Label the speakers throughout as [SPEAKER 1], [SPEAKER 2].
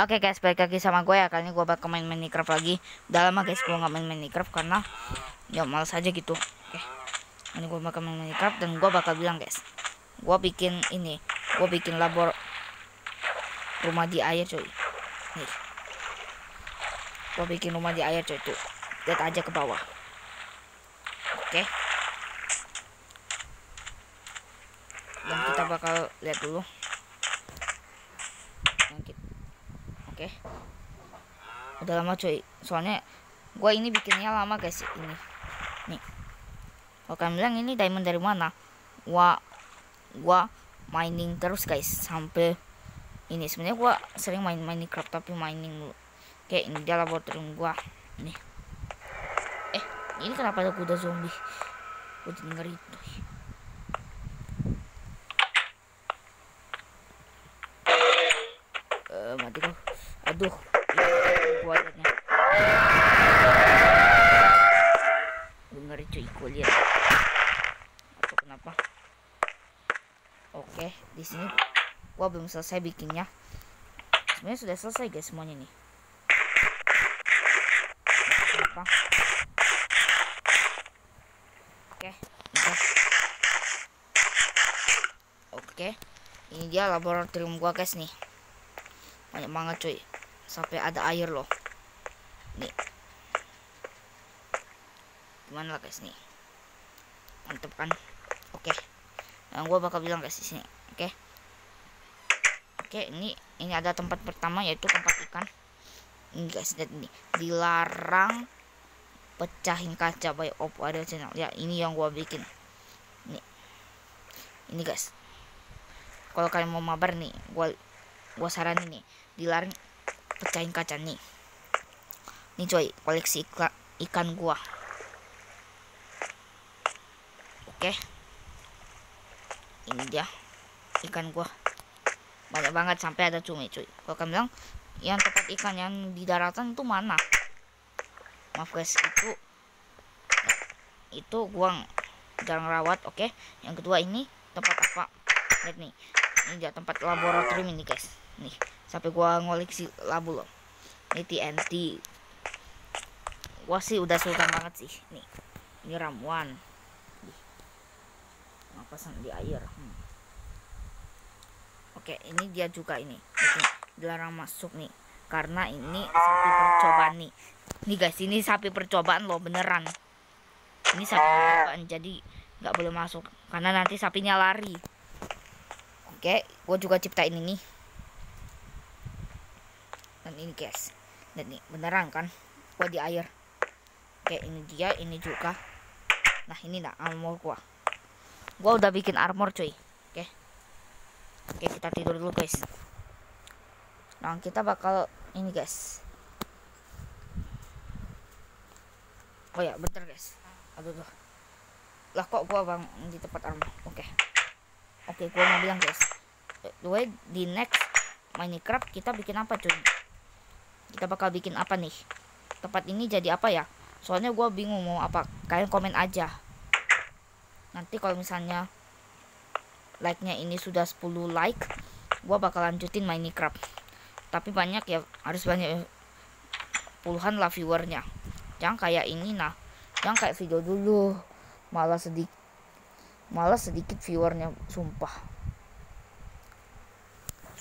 [SPEAKER 1] Oke okay guys, balik lagi sama gue ya Kali ini gue bakal main Minecraft lagi Udah lama guys gue gak main Minecraft karena Ya males aja gitu Oke okay. Ini gue bakal main Minecraft dan gue bakal bilang guys Gue bikin ini Gue bikin labor Rumah di air coy Nih Gue bikin rumah di air coy tuh Lihat aja ke bawah Oke okay. Dan kita bakal lihat dulu oke okay. udah lama cuy soalnya gue ini bikinnya lama guys ini nih kalau kalian bilang ini diamond dari mana gua gua mining terus guys sampai ini sebenarnya gua sering main Minecraft tapi mining dulu oke ini dia laboratorium gua nih eh ini kenapa ada kuda zombie gua dengar itu uh, eh, mati kok Aduh, kualitasnya. Iya, Dengar cuy kulit. Atau kenapa? Oke, di sini gua belum selesai bikinnya. Sebenarnya sudah selesai guys semuanya nih. Kenapa? Oke, oke. Oke. Ini dia laboratorium gua guys nih. Banyak banget cuy sampai ada air loh nih gimana lah guys nih mantep kan oke okay. yang gue bakal bilang guys di sini oke okay. oke okay, ini ini ada tempat pertama yaitu tempat ikan ini guys lihat ini dilarang pecahin kaca by Oppo ada channel ya ini yang gue bikin nih ini guys kalau kalian mau mabar nih gue, gue saranin nih dilarang pecahin kaca nih nih coy koleksi ikan, ikan gua oke ini dia ikan gua banyak banget sampai ada cumi cuy kalau kamu bilang yang tempat ikan yang di daratan itu mana maaf guys itu itu gua jarang rawat oke yang kedua ini tempat apa lihat nih ini dia tempat laboratorium ini guys. Nih, sampai gua ngoleksi labu loh. Ini TNT. Gua sih udah sultan banget sih. Nih, ini ramuan. sang di air. Hmm. Oke, ini dia juga ini. ini dilarang masuk nih karena ini sapi percobaan nih. Nih guys, ini sapi percobaan loh beneran. Ini sapi percobaan jadi nggak boleh masuk karena nanti sapinya lari. Oke, gue juga ciptain ini. Dan ini guys. Dan ini beneran kan? Gue di air. Oke, ini dia, ini juga. Nah, ini dah armor gue. Gue udah bikin armor cuy. Oke. Oke, kita tidur dulu guys. Nah, kita bakal ini guys. Oh ya, bener guys. Aduh tuh. Lah kok gua bang di tempat armor. Oke. Okay. Oke, gue mau bilang guys. Gue di next Minecraft kita bikin apa cuy? Kita bakal bikin apa nih? Tempat ini jadi apa ya? Soalnya gue bingung mau apa. Kalian komen aja. Nanti kalau misalnya like-nya ini sudah 10 like, gue bakal lanjutin Minecraft. Tapi banyak ya, harus banyak puluhan lah viewernya. Jangan kayak ini nah, jangan kayak video dulu, malah sedikit malah sedikit viewernya sumpah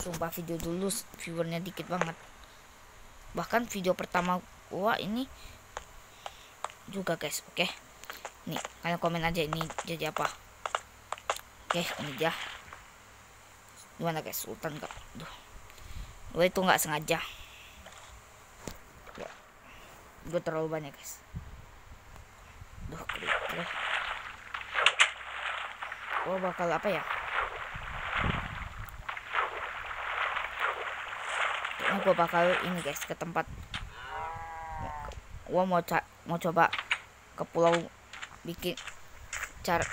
[SPEAKER 1] sumpah video dulu viewernya dikit banget bahkan video pertama gua ini juga guys oke okay? nih kalian komen aja ini jadi apa oke okay, ini dia gimana guys sultan gak Duh. gue itu nggak sengaja gue terlalu banyak guys Duh, klik, gue bakal apa ya ini gue bakal ini guys ke tempat ya, gue mau mau coba ke pulau bikin cara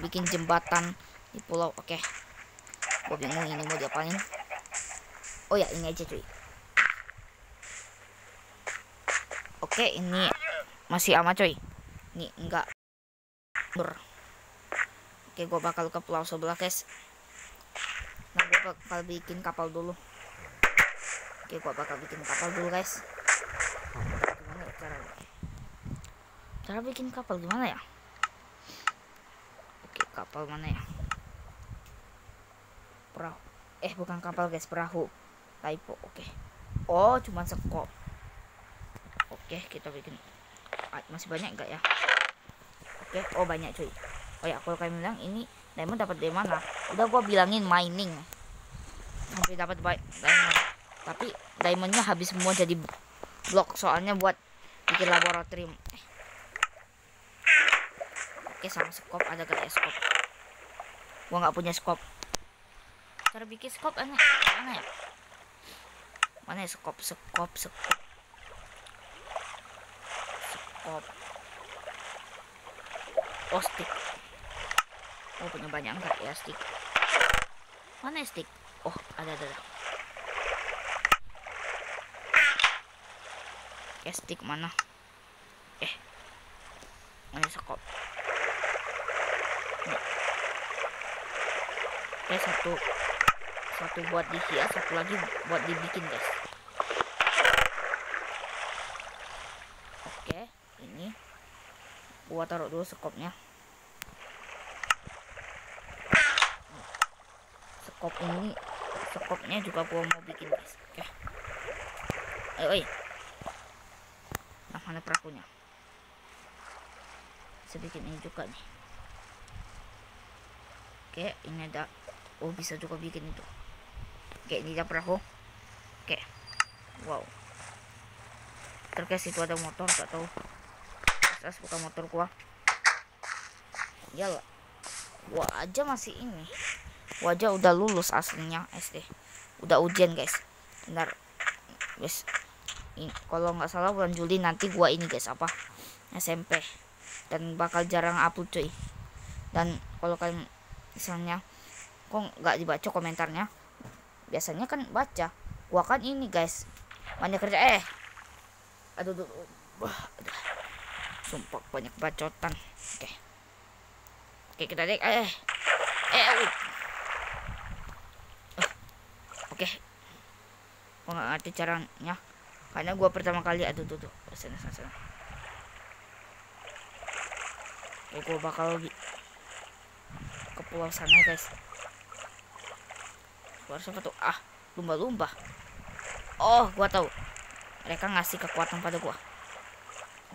[SPEAKER 1] bikin jembatan di pulau oke okay. gue bingung ini mau diapain oh ya ini aja cuy oke okay, ini masih aman cuy ini enggak ber oke gue bakal ke pulau sebelah guys nah gue bakal bikin kapal dulu oke gue bakal bikin kapal dulu guys gimana ya cara bikin kapal gimana ya oke kapal mana ya perahu eh bukan kapal guys perahu typo oke oh cuma sekop oke kita bikin masih banyak nggak ya oke oh banyak cuy kayak aku kayak bilang ini diamond dapat dari mana udah gua bilangin mining tapi dapat baik diamond tapi diamondnya habis semua jadi blok soalnya buat bikin laboratorium eh. oke sama skop ada gak ya skop gua nggak punya skop cara bikin skop aneh ya? mana ya mana ya skop skop skop skop oh stick Oh punya banyak nggak ya stick? Mana ya stick? Oh ada ada. ada. Eh stick mana? Eh ini ya, sekop. Ini. Eh satu satu buat dihias, satu lagi buat dibikin guys. Oke, ini gua taruh dulu sekopnya. skop ini skopnya juga gua mau bikin guys oke ya. ayo ayo nah mana perakunya bikin ini juga nih oke ini ada oh bisa juga bikin itu oke ini ada perahu oke wow terkes itu ada motor gak tahu terus buka motor gua iyalah gua aja masih ini wajah udah lulus aslinya SD udah ujian guys benar guys kalau nggak salah bulan Juli nanti gua ini guys apa SMP dan bakal jarang upload cuy dan kalau kalian misalnya kok nggak dibaca komentarnya biasanya kan baca gua kan ini guys banyak kerja eh aduh, aduh, aduh. sumpah banyak bacotan oke okay. oke okay, kita dek eh eh uh. gua nggak ngerti caranya karena gue pertama kali aduh tuh tuh sana sana sana ya gua bakal ke pulau sana guys gua harus apa tuh ah lumba-lumba oh gue tahu mereka ngasih kekuatan pada gue. oke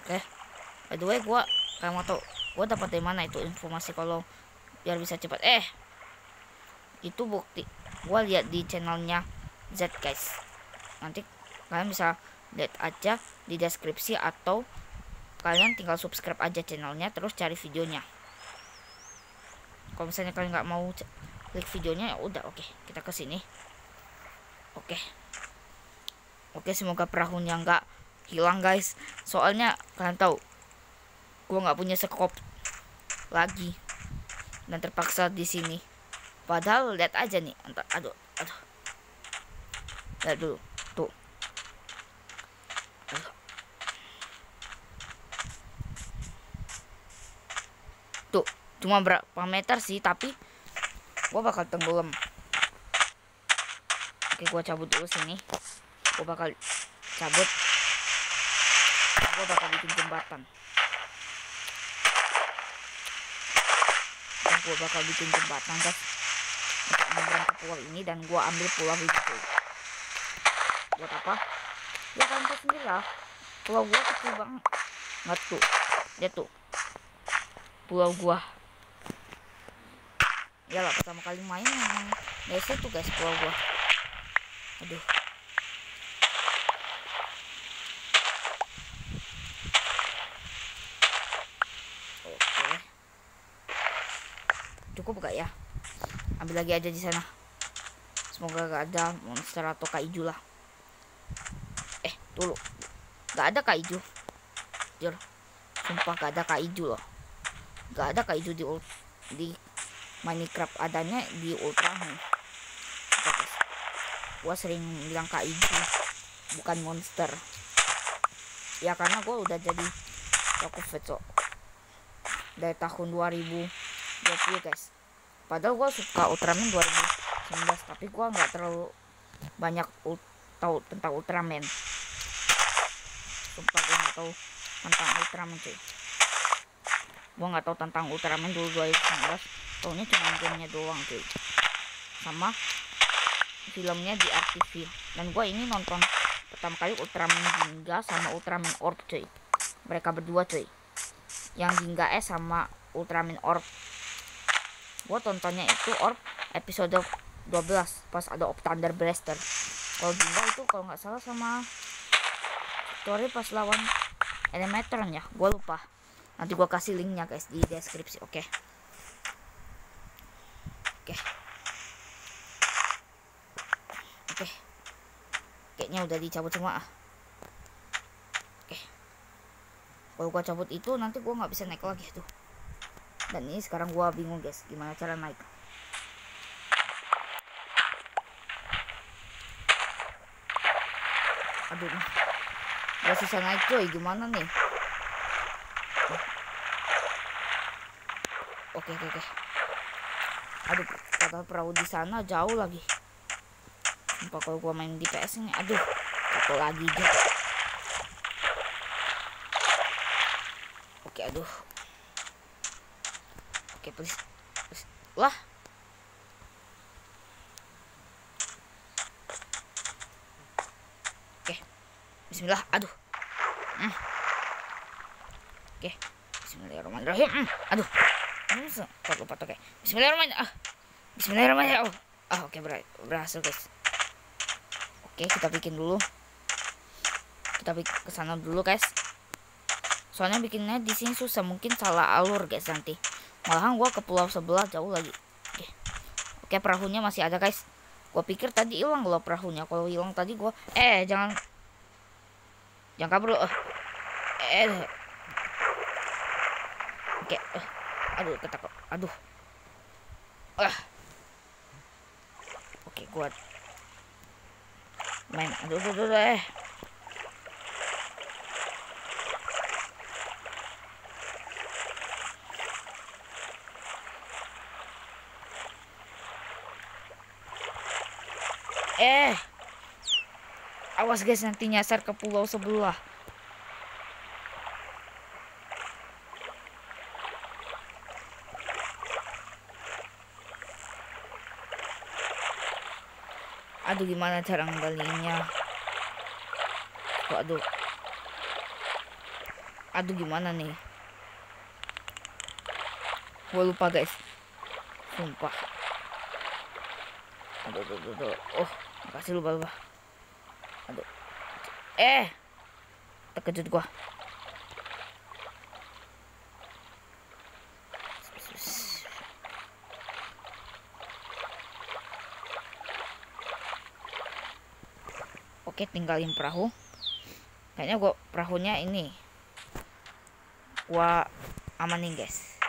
[SPEAKER 1] okay. by the way gue kayak mau tau gua dapat dari mana itu informasi kalau biar bisa cepat eh itu bukti gue lihat di channelnya Z guys nanti kalian bisa lihat aja di deskripsi atau kalian tinggal subscribe aja channelnya terus cari videonya kalau misalnya kalian nggak mau klik videonya ya udah oke okay. kita ke sini oke okay. oke okay, semoga perahunya nggak hilang guys soalnya kalian tahu gue nggak punya sekop lagi dan terpaksa di sini padahal lihat aja nih entar aduh lihat dulu tuh tuh cuma berapa meter sih tapi gua bakal tenggelam oke gua cabut dulu sini gua bakal cabut gua bakal bikin jembatan gue bakal bikin jembatan guys untuk menyeberang ke pulau ini dan gua ambil pulau itu buat apa ya kan tuh sendiri lah pulau gua kecil banget nggak tuh dia tuh pulau gua ya lah pertama kali main memang biasa tuh guys pulau gua aduh oke cukup gak ya ambil lagi aja di sana semoga gak ada monster atau kaiju lah Tuh loh. Gak ada kak hijau. Sumpah gak ada kak hijau loh. Gak ada kak hijau di di Minecraft adanya di Ultra nih. Gua sering bilang kak hijau bukan monster. Ya karena gue udah jadi Toko Veto dari tahun 2020 guys. Padahal gue suka Ultraman 2019 tapi gue nggak terlalu banyak tahu tentang Ultraman sumpah gue gak tau tentang Ultraman cuy gue gak tau tentang Ultraman dulu 2019 tahunya cuma gamenya doang cuy sama filmnya di RTV dan gue ini nonton pertama kali Ultraman Ginga sama Ultraman Orb cuy mereka berdua cuy yang Ginga S sama Ultraman Orb gue tontonnya itu Orb episode 12 pas ada Op Blaster kalau Ginga itu kalau nggak salah sama Victory pas lawan Elementron ya gue lupa nanti gue kasih linknya guys di deskripsi oke okay. oke okay. oke okay. kayaknya udah dicabut semua ah oke kalau gue cabut itu nanti gue nggak bisa naik lagi tuh dan ini sekarang gue bingung guys gimana cara naik aduh Gak susah naik coy gimana nih oke oke oke aduh kata perahu di sana jauh lagi Apa kalau gua main di PS ini aduh satu lagi dia oke aduh oke please, please. lah. Bismillah. Aduh. Hmm. Oke. Okay. Bismillahirrahmanirrahim. Hmm. Aduh. Hmm, Empat lupa oke. Okay. Bismillahirrahmanirrahim. Ah. Bismillahirrahmanirrahim. Ah, oke okay, berhasil, guys. Oke, okay, kita bikin dulu. Kita bikin ke sana dulu, guys. Soalnya bikinnya di sini susah, mungkin salah alur, guys, nanti. Malahan gua ke pulau sebelah jauh lagi. Oke. Okay. Oke, okay, perahunya masih ada, guys. Gua pikir tadi hilang loh perahunya. Kalau hilang tadi gua eh jangan Jangan kabur loh. Eh. Oke. Aduh, ketakut. Aduh. Ah. Oke, kuat. Main. Aduh, aduh, aduh, aduh eh. Eh. Awas guys nanti nyasar ke pulau sebelah. Aduh gimana cara ngembalinya? Waduh. Aduh gimana nih? Gua lupa guys. Sumpah. Aduh, aduh, aduh. Oh, makasih lupa lupa. Aduh. Eh. Terkejut gua. Oke, tinggalin perahu. Kayaknya gua perahunya ini. Gua amanin, guys.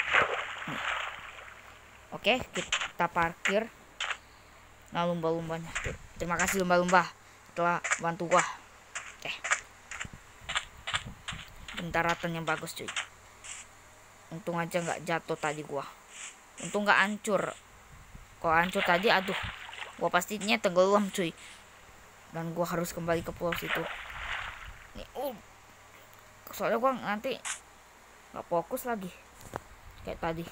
[SPEAKER 1] Nih. Oke, kita parkir. Nah, lumba-lumbanya. Terima kasih lumba-lumba telah bantu gua eh bentar yang bagus cuy untung aja nggak jatuh tadi gua untung nggak hancur kalau hancur tadi aduh gua pastinya tenggelam cuy dan gua harus kembali ke pulau situ nih um soalnya gua nanti nggak fokus lagi kayak tadi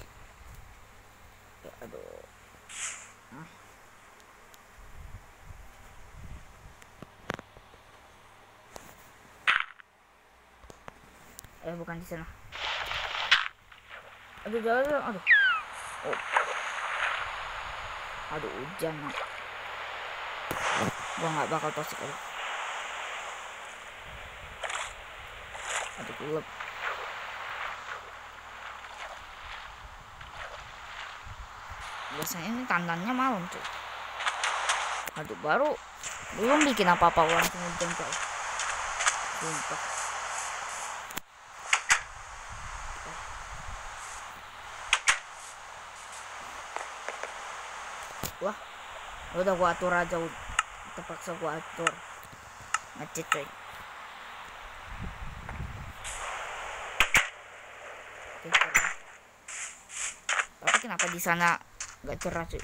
[SPEAKER 1] ya, aduh nah. eh bukan di sana aduh jalan aduh oh. aduh hujan mak gua nggak bakal tosik aduh aduh gelap biasanya ini tandanya malam tuh aduh baru belum bikin apa-apa langsung hujan kok sumpah wah udah gua atur aja udah terpaksa gua atur macet coy tapi kenapa di sana nggak cerah cuy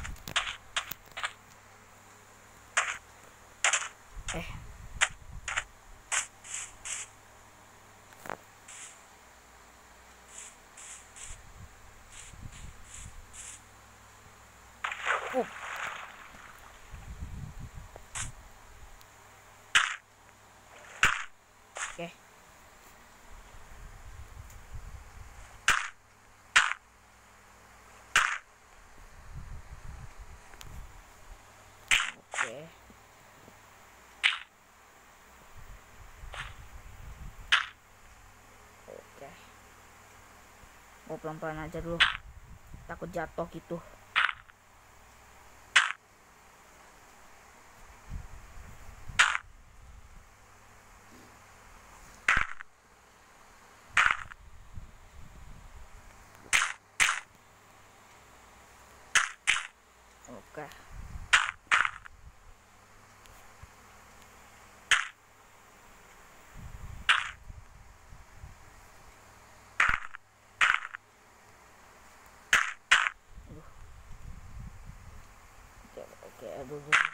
[SPEAKER 1] kok pelan-pelan aja dulu takut jatuh gitu Oke. Okay. Gracias.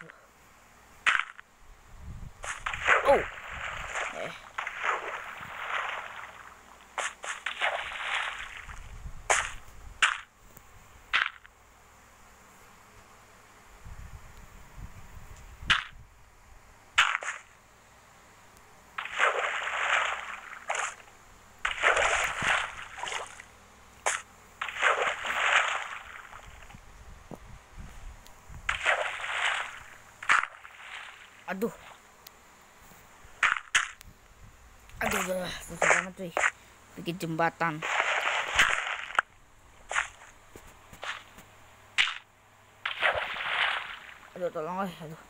[SPEAKER 1] Aduh. Aduh, aduh, susah banget cuy. Bikin jembatan. Aduh, tolong, eh, aduh.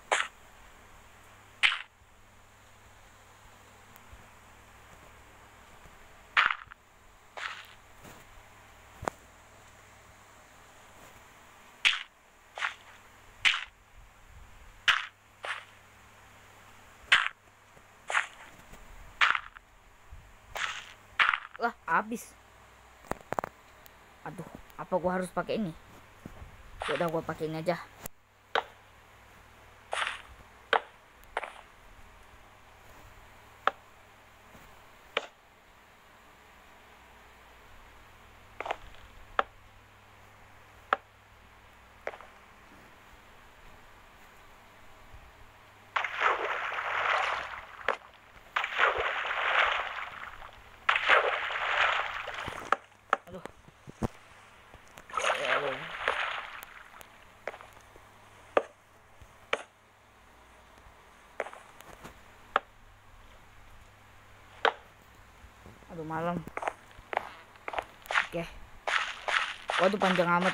[SPEAKER 1] lah habis aduh apa gua harus pakai ini udah gua pakai ini aja udah malam oke okay. waduh panjang amat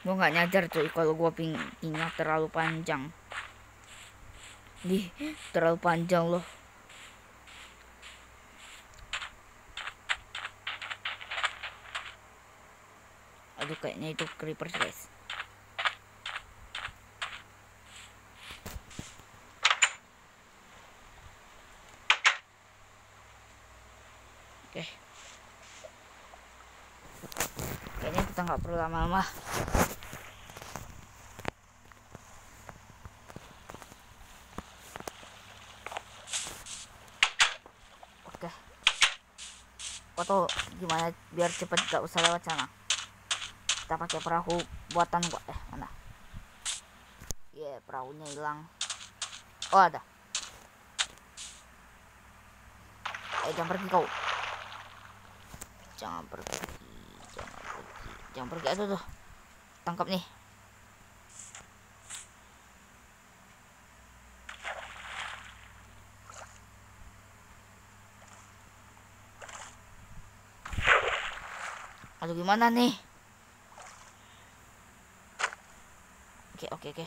[SPEAKER 1] gue nggak nyadar tuh kalau gue pinginnya terlalu panjang di terlalu panjang loh aduh kayaknya itu creeper guys perlu lama-lama oke foto gimana biar cepat gak usah lewat sana kita pakai perahu buatan gua eh mana ya yeah, perahunya hilang oh ada eh jangan pergi kau jangan pergi jangan pergi aja tuh tangkap nih aduh gimana nih oke oke oke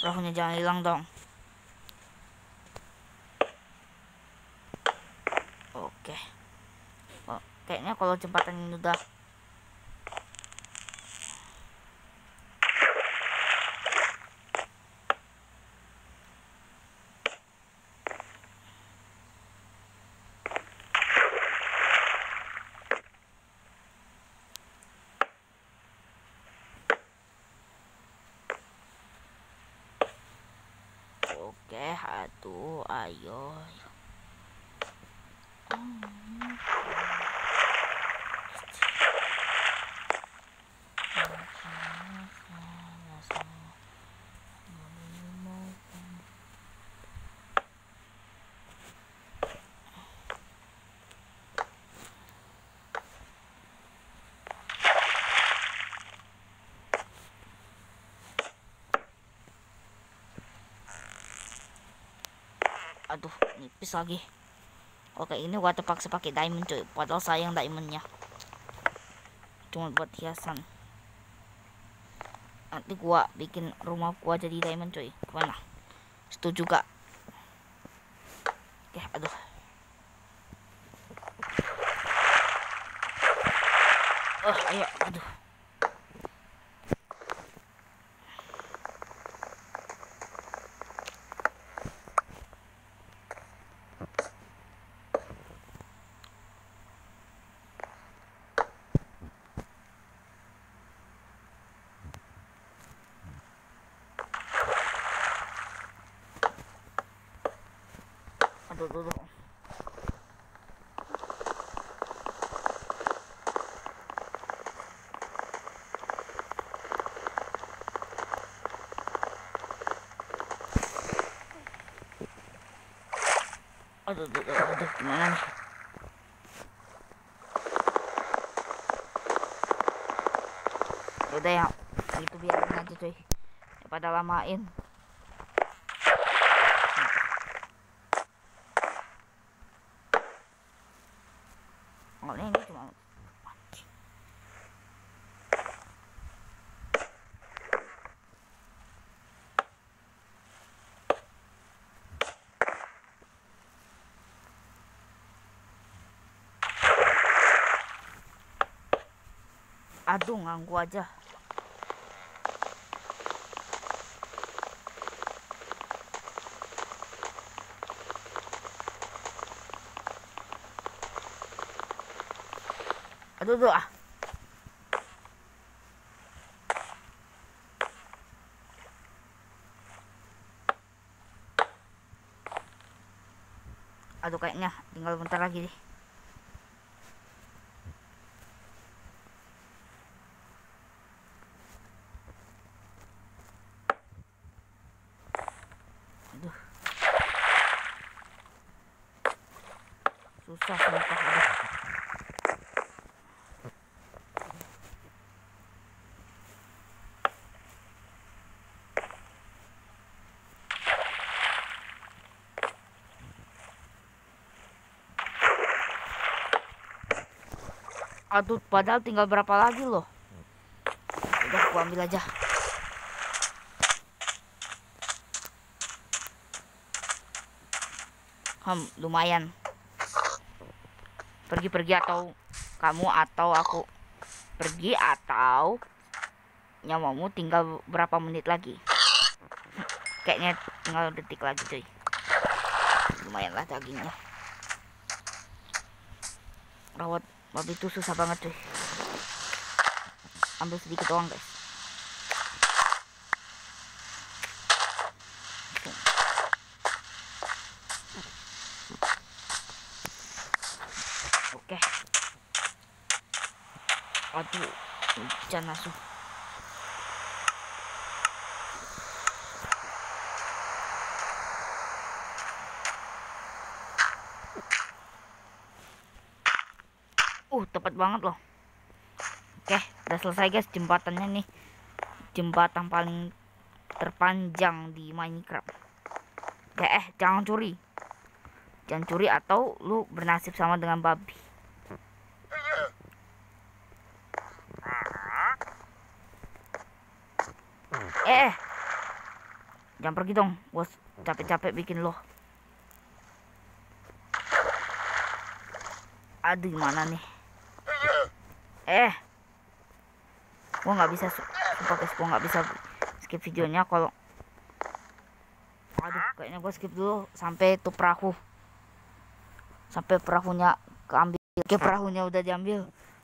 [SPEAKER 1] Rohnya jangan hilang dong. Oke. Okay. Oh, kayaknya kalau jembatan ini udah Okay, aduh ayo hmm. aduh nipis lagi oke ini gua terpaksa pakai diamond cuy padahal sayang diamondnya cuma buat hiasan nanti gua bikin rumah gua jadi diamond cuy gimana setuju gak oke aduh aduh aduh aduh, aduh gimana nih udah ya itu biarin aja cuy pada lamain aduh ganggu aja aduh aduh ah. aduh kayaknya tinggal bentar lagi deh Aduh, padahal tinggal berapa lagi loh. Udah, aku ambil aja. Hmm, lumayan. Pergi-pergi atau kamu atau aku pergi atau nyawamu tinggal berapa menit lagi. Kayaknya tinggal detik lagi, cuy. lumayan lah dagingnya. Rawat babi itu susah banget cuy ambil sedikit doang guys oke okay. aduh hujan langsung tepat banget loh oke udah selesai guys jembatannya nih jembatan paling terpanjang di Minecraft ya eh jangan curi jangan curi atau lu bernasib sama dengan babi eh, eh. jangan pergi dong bos capek-capek bikin loh. aduh gimana nih eh gua nggak bisa sumpah guys gua nggak bisa skip videonya kalau aduh kayaknya gua skip dulu sampai tu perahu sampai perahunya keambil ke perahunya udah diambil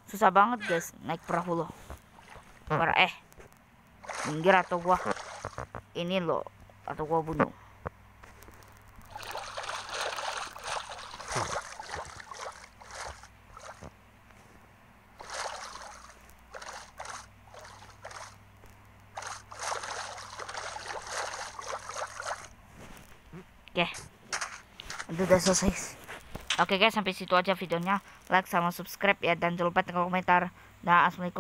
[SPEAKER 1] susah banget guys naik perahu loh para eh minggir atau gua ini loh atau gua bunuh sudah selesai oke guys sampai situ aja videonya like sama subscribe ya dan jangan lupa tekan komentar nah assalamualaikum